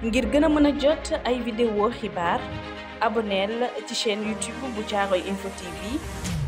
ngir gëna mëna mën jot ay vidéo xibaar abonnel ci chaîne YouTube bu Caaroy info TV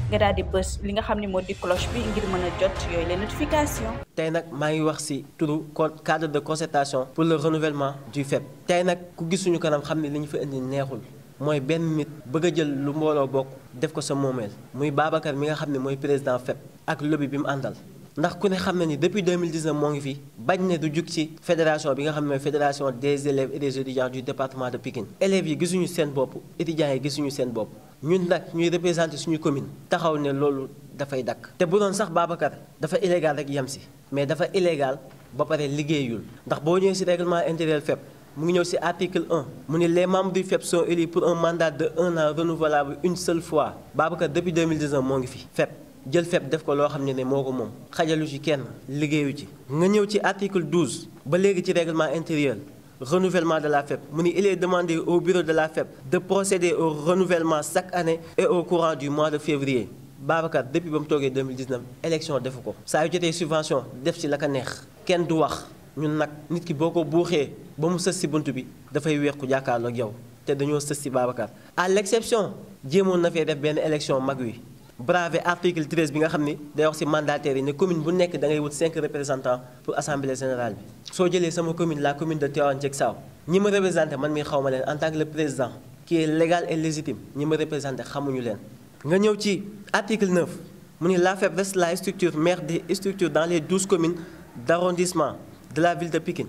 nga daal di bës li nga xam ne moo di cloche bi ngir mën a jot yooyu les notifications. tey nag maa ngi wax ci turu cadre de concertation pour le renouvellement du FEP tey nag ku gis kanam xam ne li ñu fa indi neexul. mooy benn nit bëgg a jël lu mbooloo bokk def ko sa moomeel muy Babacar mi nga xam ne mooy président FEP ak lobby bi mu àndal ndax ku ne xam na ni depuis 2019 moo ngi fi bañ ne du jug ci fédération bi nga xam ne fédération des élèves et des étudiants du département de Pikine élèves yi gisuñu seen bopp étudiants yi gisuñu seen bopp ñun nag ñuy représenter suñu commune taxaw ne loolu dafay dakk te bu doon sax Babacar dafa illégal rek yem si mais dafa illégal ba pare liggéeyul ndax boo ñëwee si règlement intérieur FEP mu ngi ñëw si article 1 mu ne les membres du FEP sont élus pour un mandat de un an renouvelable une seule fois Babacar depuis 2019 moo ngi fi FEP jël feb def ko loo xam ne ne moo ko moom xajalu ci kenn liggéeyu ci nga ñëw ci article 12 ba léegi ci règlement intérieur renouvellement de la FEP mu ni il est demandé au bureau de la FEP de procéder au renouvellement chaque année et au courant du mois de février Babacar depuis bam mu toogee 2019 élection defu ko saa yu jotee subvention def ci la ka neex kenn du wax ñun nag nit ki boo ko buuxee ba mu sës si bunt bi dafay weeku jàkkaarloo yow te dañoo sës si Babacar à l'exception jéemoon na fee def benn élection mag wi Brave article 13 bi nga mandataire. Une day wax ci ne commune bu nek da ngay wut 5 représentants pour assemblée générale bi so jëlé sama commune la commune de théo Diacksao ñi me représenter man mi en tant que le président qui est légal et légitime ñi ma représenter xamuñu len nga ñëw ci article 9 mu ni la faiblesse la structure maire des structures dans les 12 communes d'arrondissement de la ville de Pikine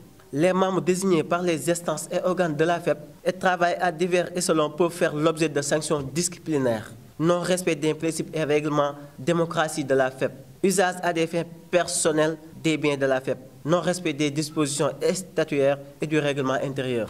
les membres désignés par les instances et organes de la FEP et travaillent à divers et selon peuvent faire l'objet de sanctions disciplinaires. Non-respect des principes et règlements démocratie de la FEP. Usage à des fins personnelles des biens de la FEP. Non-respect des dispositions statutaires et du règlement intérieur.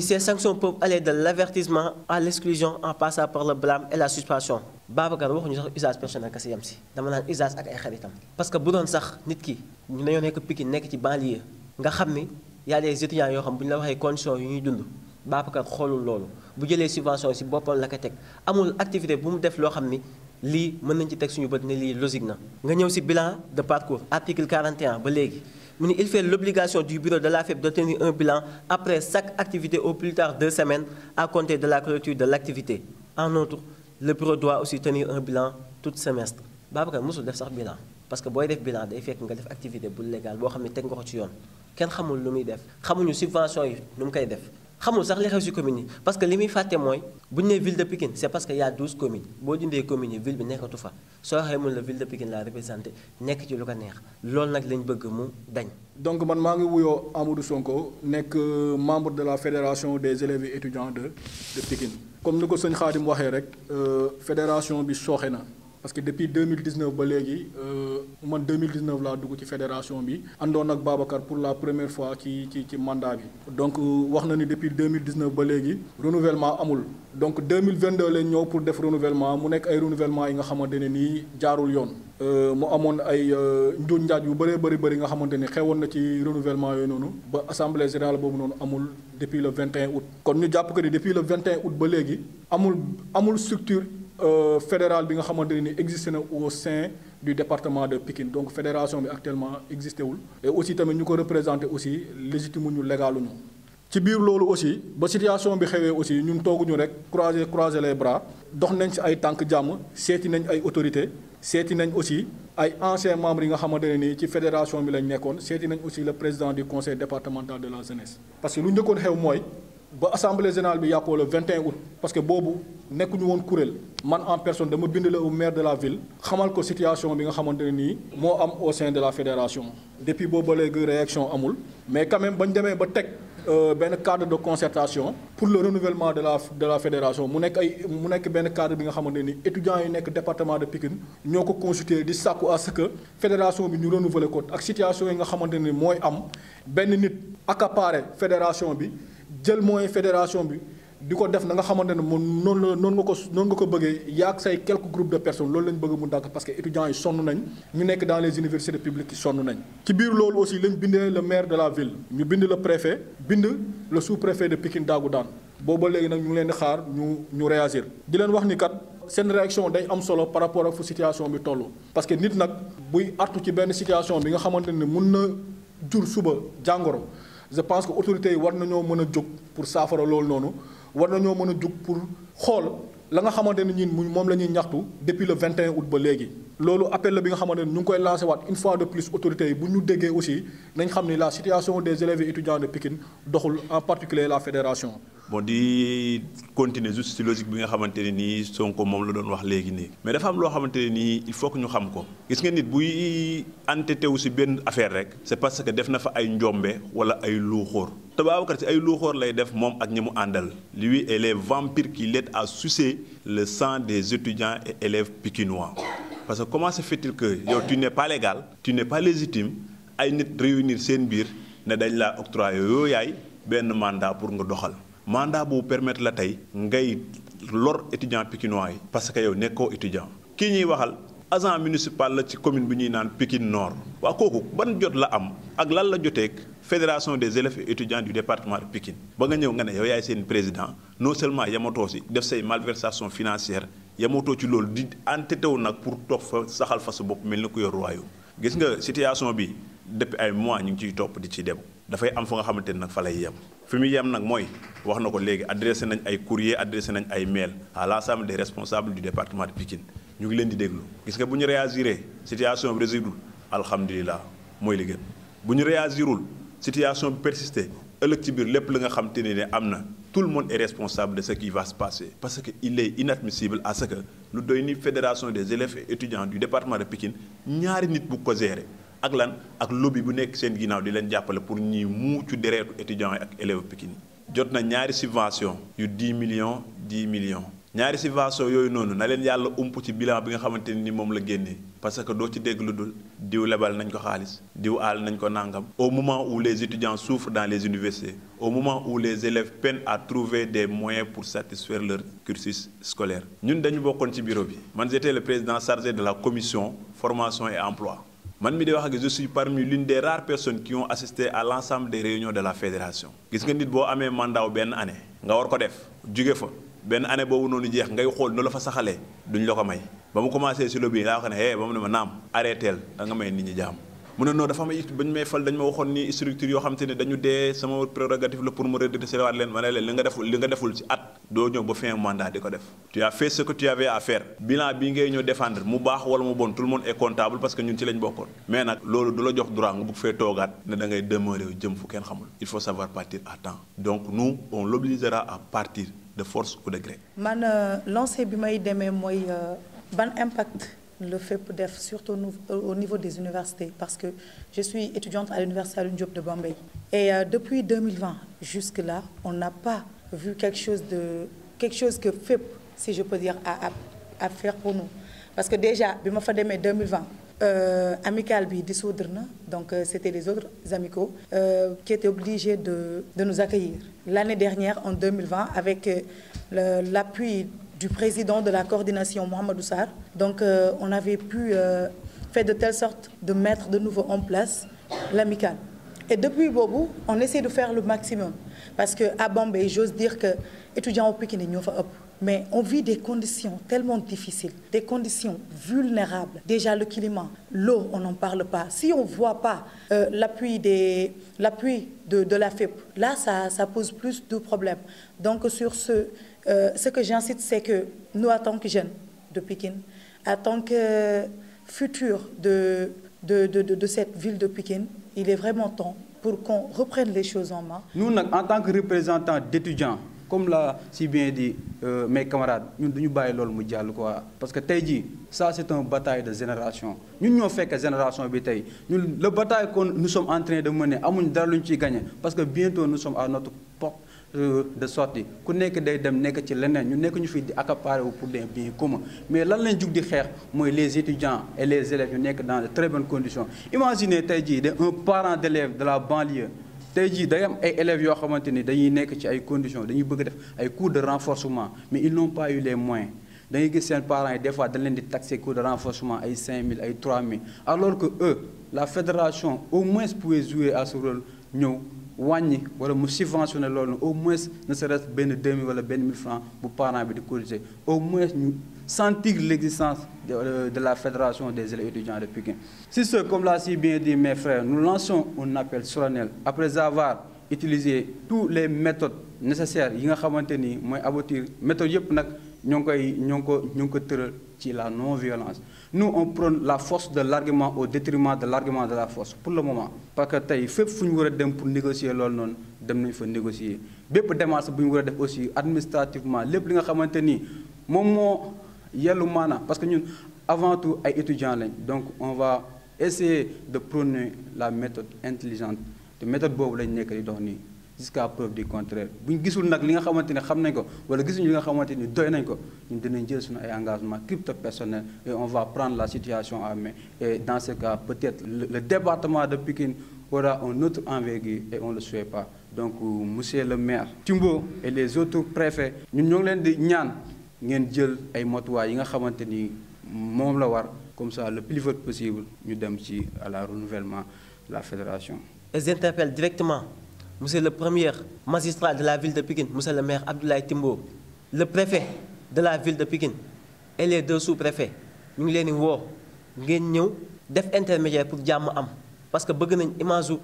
Ces sanctions peuvent aller de l'avertissement à l'exclusion en passant par le blâme et la suspension. Babacar avons un usage personnel Nous avons usage ak ay parce que bu gens sax nit ki ñu dañoo un banlieue nga xamni ya y a des étudiants yo xam buñ la waxee conditions yu ñuy dund Babacar xolul loolu bu jëlee subvention ci boppam la ka tek amul activité bu mu def lo xamni li lii mën nañ ci tek suñu bët ne li logique na nga ñëw ci bilan de parcours article 41 ba légui mu ni il fait l'obligation du bureau de l'AFEP de tenir un bilan après chaque activité au plus tard deux semaines à compter de la clôture de l'activité en outre le bureau doit aussi tenir un bilan tout semestre Babacar mosul def sax bilan parce que boy def bilan day fekk nga def activité bu légal bo xamni tek nga ko ci yoon ken xamul lu muy def xamuñu subvention yi nu mu koy def xamul sax li xew si commune yi parce que li muy fàtte mooy bu ñu ville de Pikine c' est parce que y' a 12 communes boo dindee communes yi ville bi nekkatu fa soo waxee mun la ville de Pikine la représenté nekk ci lu ko neex loolu nag lañ bëgg mu dañ. donc man maa ngi wuyoo Amadou Sonko nekk euh, membre de la fédération des élèves et étudiants de de Pikine. comme ni ko sëñ Xaadim waxee rek euh, fédération bi sooxe na parce que depuis 2019 ba léegi euh, man 2019 laa dugg ci fédération bi àndoon ak Babacar pour la première fois ci ci ci mandat bi donc euh, wax na ni depuis 2019 ba léegi renouvellement amul donc 2022 leen ñëw pour def renouvellement mu nekk ay renouvellement yi nga xamante ne nii jaarul yoon euh, mu amoon ay njuuj njaaj yu bëree bëri bëri nga xamante ne xewoon na ci renouvellement yooyu noonu ba assemblée générale boobu noonu amul depuis le 21 août kon ñu jàpp que ni depuis le 21 août ba léegi amul amul structure euh, fédérale bi nga au sein du département de Pékin. donc fédération bi actuellement existé et aussi nous représentons ko représenter aussi légitime ñu ñu ci biir aussi ba situation bi xewee aussi ñun ñu rek croiser croiser les bras dox nañ ci ay tànk jàmm seeti nañ autorités aussi ay anciens membres yi nga fédération bi lañ aussi le président du conseil départemental de la jeunesse. parce que nous avons xew ba assemblée générale bi le 21 août parce que boobu nekkuñu won kuréel man en personne dama bind la au maire de la ville xamal ko situation bi nga xamanteni ne nii am au sein de la fédération depuis booba léegi réaction amul mais quand même bañ démé ba teg ben cadre de concertation pour le renouvellement de la de la fédération mu nek ay mu nek ben cadre bi nga xamanteni ne nii étudiants département de Pikine ñoko consulter di sakku à ce que fédération bi ñu renouveler ko ak situation yi nga xamanteni ni mooy am ben nit accaparé fédération bi jël mooy fédération bi diko def na nga xamante ne moom noonu la noonu nga ko noonu nga ko bëggee yaag say quelques groupes de personnes loolu lañ bëgg mu dàgg parce que étudiants yi sonn nañ ñu nekk dans les universités publiques yi sonn nañ ci biir loolu aussi lañ bindee le maire de la ville ñu bind le préfet bind le sous-préfet de Pikine Daagu Daan booba léegi nag ñu ngi leen di xaar ñu ñu réagir di leen wax ni kat seen réaction day am solo par rapport ak fu situation bi toll parce que nit nag buy artu ci benn situation bi nga xamante ne mun na jur suba jàngoro je pense que autorités yi war nañoo mën a jóg pour saafara loolu noonu war nañoo mën a jug pour xool la nga xamante ne ñun moom la ñuy ñaxtu depuis le 21 août ba léegi. loolu appel la bi nga xamante ne ñu ngi koy lancé waat une fois de plus autorité yi bu ñu déggee aussi nañ xam ni la situation des élèves et étudiants de Pikine doxul en particulier la fédération bon di continuer juste ci logique bi nga xamanteni ni Sonko mom la doon wax léegi ni mais dafa am lo xamanteni ni il faut que ñu xam ko gis nga nit buy entêté wu ci ben affaire rek c'est parce que def na fa ay njombe wala ay luuxóor te ci ay luuxóor lay def mom ak ñimu andal lui et les vampires qui l'aident à sucer le sang des étudiants et élèves pikinois parce que comment se fait-il que yow tu n'es pas légal tu n'es pas légitime ay nit réunir seen bir ne dañ laa octroyer yooyaay ben mandat pour nga doxal mandat pour permettre la lor étudiant pikinois parce que yow étudiant kii waxal agent municipal la commune ñuy Nord la am la fédération des élèves étudiants du département de Pikine ba nga ñëw nga ne président non seulement il y def say malversation financière ci di pour toog fa saxal fa sa bopp mel ni nga situation bi depuis ay mois fay am fo nga xamanteni nak fa lay yem fi mi yem nak moy wax na ko adressé nañ ay courrier adressé nañ ay mail à l'ensemble des responsables du département de Pikine ñu ngi leen di déglu gis nga buñu réagiré situation bi résidul alhamdulilah mooy li gën bu réagirul situation bi persister ëllëg ci biir lépp li nga xamante ne tout le monde est responsable de ce qui va se passer parce que il est inadmissible à ce que lu doy ni fédération des élèves et étudiants du département de Pikine ñaari nit bu ko gérer ak lan ak lobby bu nek sen ginaaw di len jappale pour ñuy muccu dereetu étudiants ak élèves Pikine jot na ñaari subvention yu 10 millions 10 millions ñaari subvention yoy nonu na len yalla umpu ci bilan bi nga xamanteni ni moom la génnee parce que do ci dégg lu dul diw lebal nañ ko xaalis diw al nañ ko nangam au moment où les étudiants souffrent dans les universités au moment où les élèves peinent à trouver des moyens pour satisfaire leur cursus scolaire ñun dañu bokkon ci bureau bi man j'étais le président chargé de la commission formation et emploi man mi di wax ak je suis parmi l'une des rares personnes qui ont assisté à l'ensemble des réunions de la fédération gis nga nit bo amé mandat ben année nga war ko def djugé fa ben année boobu noonu jeex ngay xol no la fa saxalé duñ la ko may bamu commencé ci lobby la wax ne hé bamu mu ne ma nam arrêtel da nga may nit ñi jaam mu ne non dafa may bañ may fal dañ ma waxoon ni structure yo xam dañu dé sama prérogative le pour me redressewaat leen ma ne leen li nga deful li nga deful ci at do ñëw ba fin mandat diko def tu as fait ce que tu avais à faire bilan bi ngay ñëw défendre mu bax wala mu bon tout le monde est comptable parce que ñun ci lañ bokkon mais nak lolu du la jox droit nga bugg fee toogaat ne da ngay demeurer jëm fu ken xamul il faut savoir partir à temps donc nous on l'obligera à partir de force ou de gré man euh, lancé bi may démé moy euh, ban impact le fait surtout au niveau des universités, parce que je suis étudiante à l'Université à de Bombay. Et euh, depuis 2020 jusque-là, on n'a pas vu quelque chose, de, quelque chose que FEP, si je peux dire, a, à faire pour nous. Parce que déjà, Bimafademe 2020, euh, amical bi dissoudre donc euh, c'était les autres amicaux euh, qui étaient obligés de, de nous accueillir. L'année dernière, en 2020, avec l'appui du président de la coordination, Mohamed Oussar, donc euh, on avait pu euh, faire de telle sorte de mettre de nouveau en place l'amicale. Et depuis Bobo, on essaie de faire le maximum. Parce qu'à Bombay, j'ose dire que étudiants au pas mais on vit des conditions tellement difficiles, des conditions vulnérables. Déjà le climat, l'eau, on n'en parle pas. Si on ne voit pas euh, l'appui de, la FEP, là, ça, pose plus de problèmes. Donc sur ce, ce que j'incite, c'est que nous, en tant que jeunes, de Pékin, en tant que futur de, de, cette ville de Pékin, il est vraiment temps pour qu'on reprenne les choses en main. Nous, en tant que représentants d'étudiants, comme l'a si bien dit euh, mes camarades nous ne bàyyi pas mu quoi parce que ça c'est une bataille de génération Nous ñoo fait génération bi générations. La le bataille que nous sommes en train de mener nous ne gagner. parce que bientôt nous sommes à notre porte euh, de sortie ku nek day dem nek ci leneen ñu fi accaparer wu pour des biens communs mais lan lañ jug di xex les étudiants et les élèves ñu dans de très bonnes conditions imaginez tay un parent d'élève de la banlieue tey ay élèves ont xamante conditions des bëgg cours de renforcement mais ils n'ont pas eu les moyens da ngay parents des fois dañ leen di taxer cours de renforcement 000, 5000 3 000, alors que eux la fédération au moins pouvait jouer à ce rôle à wala mu subventionné l'eau, au moins ne serait-ce ben deux mille wala ben mille francs bu parent bi de corriger au moins ñu sentir l'existence euh, de, la Fédération des élèves étudiants de Pékin. C'est ce, comme l'a si bien dit mes frères, nous lançons un appel solennel après avoir utilisé toutes les méthodes nécessaires yi nga xamante ni aboutir méthode nak ñong koy c'est la non-violence. Nous, on prône la force de l'argument au détriment de l'argument de la force, pour le moment. Parce que tu fait fu nous pour négocier loolu non dem négocier Mais pour démarrer ñu aussi administrativement Les li nga xamante ni moom parce que nous, avant tout ay étudiants donc on va essayer de prôner la méthode intelligente la méthode qui lañ nekk jusqu'à preuve du contraire Si on gisul nag li nga ne xam nañ ko wala li nga engagement crypto personnel et on va prendre la situation à main et dans ce cas peut-être le département de Pékin aura un autre envergure et on ne le souhaite pas donc euh, monsieur le maire Thimbo et les autres préfets nous ñoo ngi leen di ñaan ngeen jël ay yi nga ni la war comme ça le plus vite possible nous dem à la renouvellement de la fédération. ils interpellent directement monsieur le premier magistrat de la ville de Pékin, monsieur le maire Abdoulaye Timbo, le préfet de la ville de Pékin et les deux sous-préfets, nous ngi avons dit, woo ngeen ñëw def intermédiaire pour jàmm am parce que bëgg nañ image u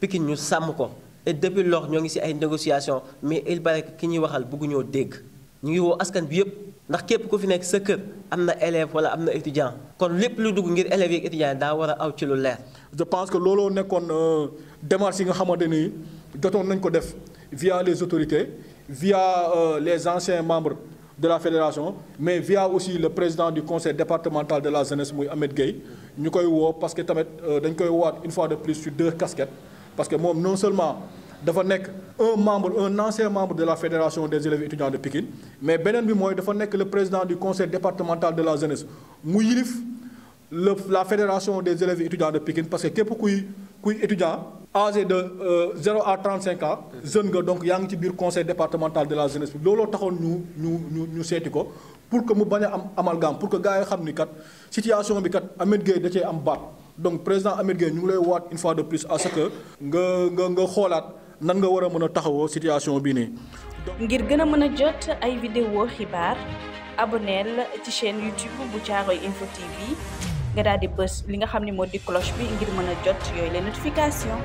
Pékin ñu sàmm ko et depuis lors nous ngi ci ay négociations mais il paraît que ki ñuy waxal bëgguñoo dégg ñu ngi woo askan bi yëpp ndax képp ku fi nekk sa kër am na élève wala am na étudiant kon lépp lu dugg ngir élèves yi étudiant étudiants yi daa war a aw ci lu leer. je pense que looloo nekkoon euh, démarche yi nga xamante ni via les autorités via euh, les anciens membres de la fédération mais via aussi le président du conseil départemental de la jeunesse Ahmed Nous avons parce que euh, une fois de plus sur deux casquettes parce que non seulement un membre un ancien membre de la fédération des élèves étudiants de Pékin, mais Benen bi mooy le président du conseil départemental de la jeunesse la fédération des élèves étudiants de Pékin, parce que képp kuy étudiant âgé de 0 euh, à 35 ans jeune nga donc yaa ngi conseil départemental de la jeunesse Lolo looloo nous ñu ñu ñu ñu ko pour que mu baña am amalgame pour que gars yi xamni kat situation bi kat Ameth Gueye da cee am baat donc président Ameth Gueye ñu ngi lay wat une fois de plus à ce que nga nga nga xoolaat nan nga wara mëna mën taxawoo situation bi ni. ngir gëna mëna mën jot ay vidéo xibaar abonnel ci chaîne YouTube bu Caaroy info TV nga daal di bës li nga xam ne moo di cloche bi ngir mën a jot yooyu les notification